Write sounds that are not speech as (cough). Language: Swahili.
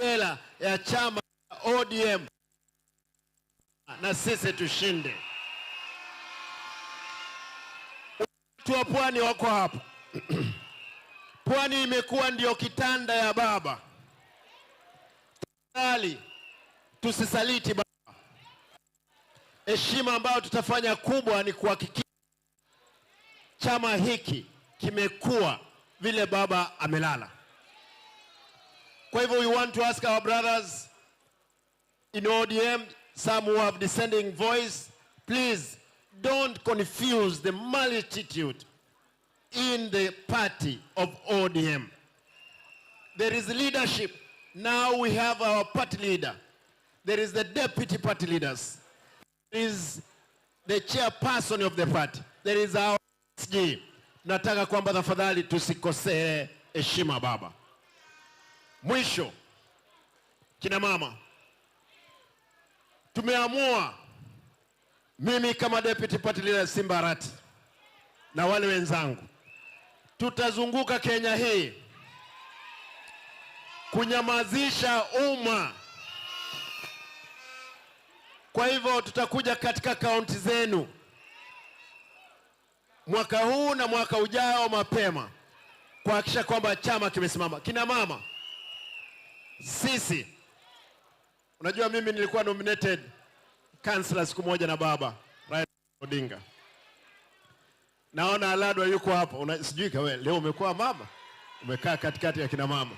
bendera ya chama cha ODM na sisi tushinde. Watu wa pwani wako hapa. (clears throat) Pwani imekuwa ndiyo kitanda ya baba. Tafadhali tusisaliti baba. Heshima ambayo tutafanya kubwa ni kuhakikisha chama hiki kimekuwa vile baba amelala. Kwa hivyo we want to ask our brothers in ODM, some who have descending voice, please don't confuse the multitude in the party of ODM. There is leadership. Now we have our party leader. There is the deputy party leaders. There is the chairperson of the party. There is our SG. Nataka kwamba tafadhali tusikosee heshima baba. Mwisho, kina mama, tumeamua mimi kama deputy party leader Simba Arati na wale wenzangu tutazunguka Kenya hii kunyamazisha umma. Kwa hivyo tutakuja katika kaunti zenu mwaka huu na mwaka ujao mapema kuhakikisha kwamba chama kimesimama. Kina mama sisi. Unajua, mimi nilikuwa nominated kansla siku moja na baba Raila Odinga. Naona Aladwa yuko hapo, sijui kawe leo umekuwa mama, umekaa katikati ya kina mama.